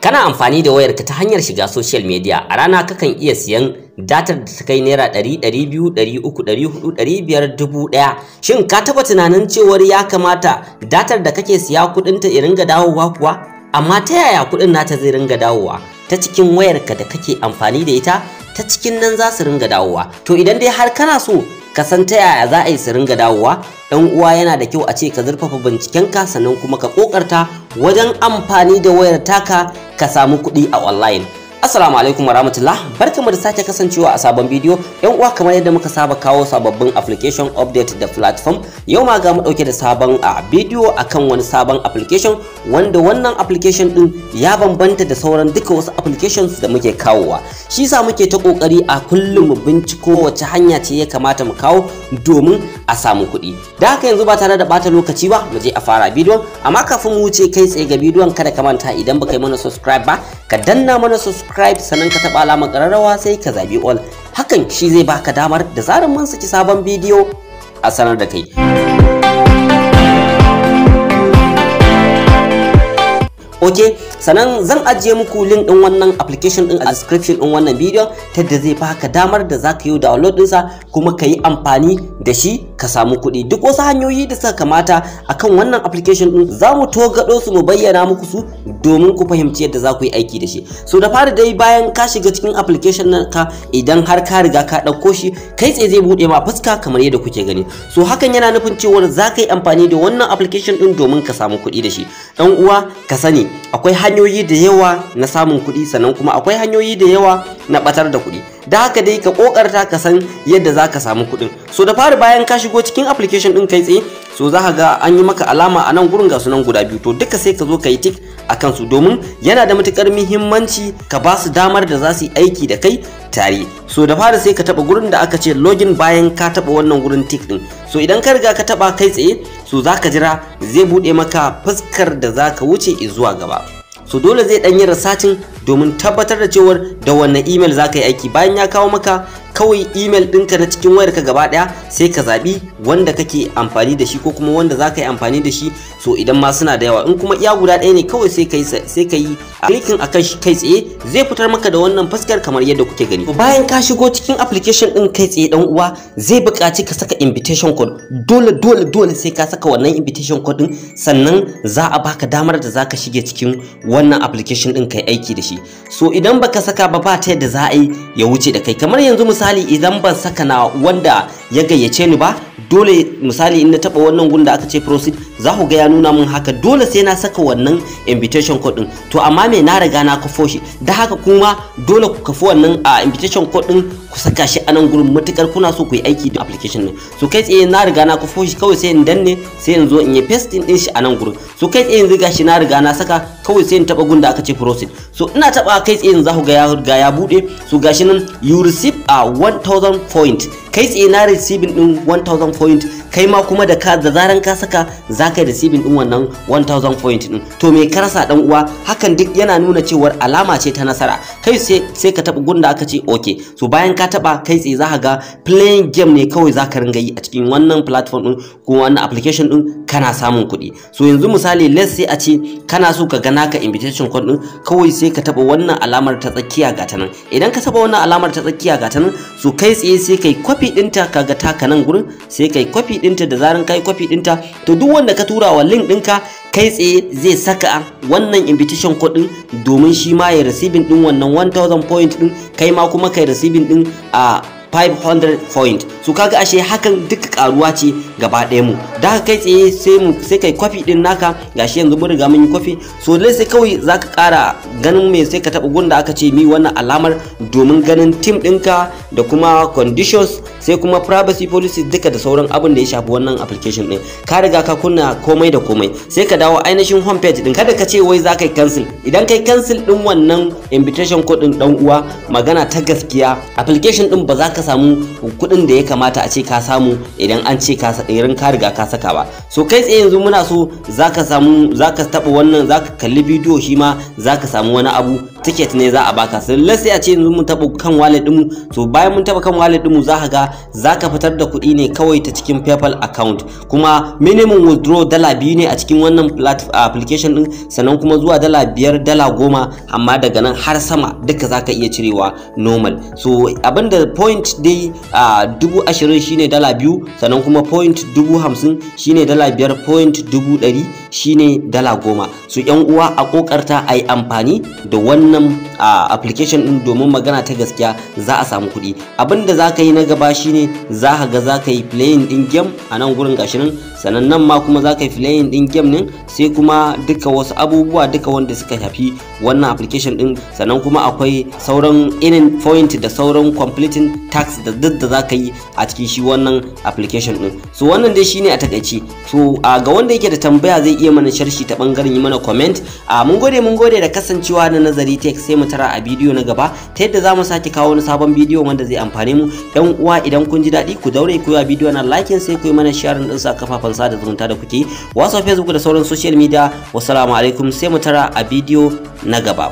kana amfani da wayarka ta hanyar shiga social media a rana kakan iya siyan datar da ta kai naira huɗu, ɗari biyar dubu ɗaya. shin ka taɓa tunanin cewar ya kamata datar da kake siya kudinta ya ringa dawowa kuwa amma ta yaya kuɗin nata zai ringa dawowa ta cikin wayarka da kake amfani da ita ta cikin nan za su ringa dawowa to idan dai har kana so ka san ta yaya za a yi su ringa dawowa dan uwa yana da kyau a ce ka zurfafa bincikenka sannan kuma ka kokarta wajen amfani da wayar taka ka samu kuɗi a online Assalamu alaikum warahmatullah barkamu da sake kasancewa a sabon bidiyo yan uwa kamar yadda muka saba kawo sababbin application update da platform yau ma ga mu dauke da sabon a bidiyo akan wani sabon application wanda wannan application din ya bambanta da sauran duka wasu applications da muke kawowa shi yasa muke ta kokari a kullum mu binciko wace hanya ce ya kamata mu kawo domin a samu kuɗi da haka yanzu ba tare da bata lokaci ba mu je a fara bidiyon amma kafin mu wuce kai tsaye ga bidiyon kada ka manta idan baka yi mana subscribe ba ka danna mana subscribe sannan ka taba alamar ƙararrawa sai ka zaɓi all hakan shi zai baka damar da zarar mun saki sabon bidiyo a sanar da kai ok sanan zan ajiye muku link din wannan application din a description din wannan bidiyon ta da zai baka damar da zaka yi download dinsa kuma ka amfani da shi ka samu kuɗi duk wasu hanyoyi da suka kamata akan wannan application din za mu togado su mu bayyana muku su domin ku fahimci yadda za ku yi aiki da shi so da fara dai bayan ka shiga cikin application nan ka idan har ka riga ka ɗauko shi kai tsaye zai buɗe ma fuska kamar yadda kuke gani so hakan yana nufin cewa za ka yi amfani da wannan application din domin ka samu kuɗi da shi dan uwa ka sani akwai hanyoyi da yawa na samun kuɗi sannan kuma akwai hanyoyi da yawa na ɓatar da kuɗi da haka dai ka kokarta ka san yadda za ka samu kuɗin so da fari bayan ka shigo cikin application din kai tsaye so za ka ga an yi maka alama a nan gurin ga sunan guda biyu to duka sai ka zo ka yi tik a kansu domin yana da matukar muhimmanci ka ba su damar da za su yi aiki da kai tare so da fari sai ka taba gurin da aka ce login bayan ka taba wannan gurin tik din so idan ka riga ka taba kai tsaye so za ka jira zai buɗe maka fuskar da za ka wuce zuwa gaba so dole zai ɗan yi rasacin domin tabbatar da cewar da wannan email za ka yi aiki bayan ya kawo maka kawai email ɗinka na cikin wayarka gaba ɗaya sai ka zaɓi wanda kake amfani da shi ko kuma wanda za ka yi amfani da shi so idan ma suna da yawa in kuma iya guda ɗaya ne kawai sai ka yi sai ka yi akan kai tsaye zai fitar maka da wannan fuskar kamar yadda kuke gani to bayan ka shigo cikin application ɗin kai tsaye dan uwa zai buƙaci ka saka invitation code dole dole dole sai ka saka wannan invitation code ɗin sannan za a baka damar da za ka shige cikin wannan application ɗin kai aiki da shi so idan baka saka ba ba ta yadda za a yi ya wuce da kai kamar yanzu misali idan ban saka na wanda ya gayyace ni ba dole misali in na taba wannan gun da aka ce proceed za ku ga ya nuna min haka dole sai na saka wannan invitation code din to amma me na riga na kafo shi da haka kuma dole ku kafo wannan a invitation code din ku saka shi a nan gurin matukar kuna so ku yi aiki da application ne. so kai tsaye na riga na kufo shi kawai sai in danne sai in zo in yi pasting din shi a nan gurin so kai tsaye yanzu gashi na riga na saka kawai sai in taba gun da aka ce process so ina taba kai tsaye yanzu za ku ga ya riga ya bude so gashi nan you receive a 1000 point kai tsaye na receiving din 1000 point kai ma kuma da ka da zaran ka saka za ka yi receiving din wannan 1000 point din to me ka rasa dan uwa hakan duk yana nuna cewar alama ce ta nasara kai sai ka taba gunda aka ce okay so bayan ka taba kai tsaye za ka ga playing game ne kawai za ka ringa yi a cikin wannan platform din ko wannan application din kana samun kuɗi so yanzu misali let's say a ce kana so ka ga naka invitation code din kawai sai ka taba wannan alamar ta tsakiya gata nan idan ka taba wannan alamar ta tsakiya gata nan so kai tsaye sai kai copy ka kaga taka nan gurin sai kai copy dinta da zaran kai copy dinta to duk wanda ka tura wa link dinka kai tsaye zai saka wannan invitation code din domin shi ma ya receiving din wannan 1000 point din kai ma kuma kai receiving din a 500 point so kaga ashe hakan duk karuwa ce gaba ɗaya mu da ka kai tsaye sai mu sai kai kwafi din naka gashi yanzu mun riga mun yi kwafi so dai sai kawai zaka kara ganin me sai ka taɓa gunda aka ce mi wannan alamar domin ganin team ɗinka da kuma conditions sai kuma privacy policy duka da sauran abin da ya shafi wannan application din ka riga ka kunna komai da komai sai ka dawo ainihin home page din kada ka ce wai za yi cancel idan kai cancel din wannan invitation code din dan uwa magana ta gaskiya application din ba za ka ka samu kuɗin da ya kamata a ce ka samu idan an ce ka ka riga ka saka ba so kai tsaye yanzu muna so zaka samu zaka taba wannan zaka kalli bidiyo shi ma zaka samu wani abu ticket ne za a baka sai sai a ce yanzu mun taɓa kan wallet mu. so bayan mun taɓa kan wallet mu za ka ga za ka fitar da kuɗi ne kawai ta cikin paypal account kuma minimum withdraw dala biyu ne a cikin wannan application ɗin sannan kuma zuwa dala biyar dala goma amma daga nan har sama duka za ka iya cirewa normal so abinda point dai dubu ashirin shine dala biyu sannan kuma point dubu hamsin shine dala biyar point dubu ɗari shine dala goma so yan uwa a kokarta a yi amfani da wannan wannan application din domin magana ta gaskiya za a samu kuɗi abinda za ka yi na gaba shine za ka ga za ka yi playing din game a nan gurin gashi nan sannan nan ma kuma za ka yi playing din game ne sai kuma duka wasu abubuwa duka wanda suka shafi wannan application din sannan kuma akwai sauran inin point da sauran completing tax da duk da za ka yi a cikin shi wannan application din so wannan dai shine a takaice a ga wanda yake da tambaya zai iya mana sharshi ta bangaren yi mana comment a mun gode mun gode da kasancewa na nazari tech sai mu tara a bidiyo na gaba ta yadda za mu sake kawo wani sabon bidiyo wanda zai amfane mu yan uwa idan kun ji daɗi ku daure ku yi bidiyo na like sai ku yi mana sharing din sa kafafen sada zumunta da kuke WhatsApp Facebook da sauran social media wassalamu alaikum sai mu tara a bidiyo na gaba